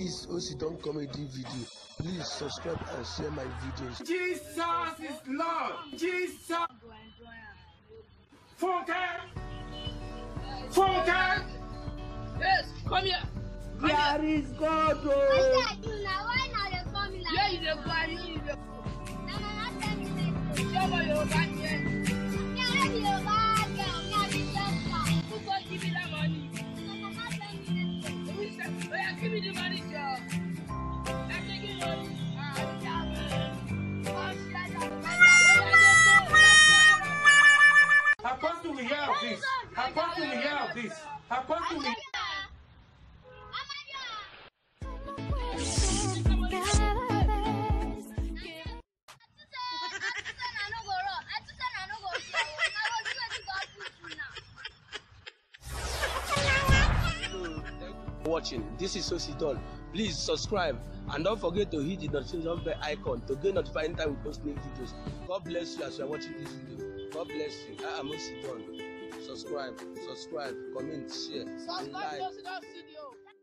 is Osidon comedy video. Please subscribe and share my videos. Jesus is Lord. Jesus. Funke. Funke. Yes, come here. Come there here. is God. Oh. What you now? Why now they come like? Yeah, you dey go. You dey go. Na na na tell me. Show me your body. How come do we have this? How come do we have this? How come do we? watching. This is Sosi Please subscribe and don't forget to hit the notification bell icon to get notified anytime we post new videos. God bless you as you are watching this video. God bless you. I am Sosi Subscribe, subscribe, comment, share, subscribe and like.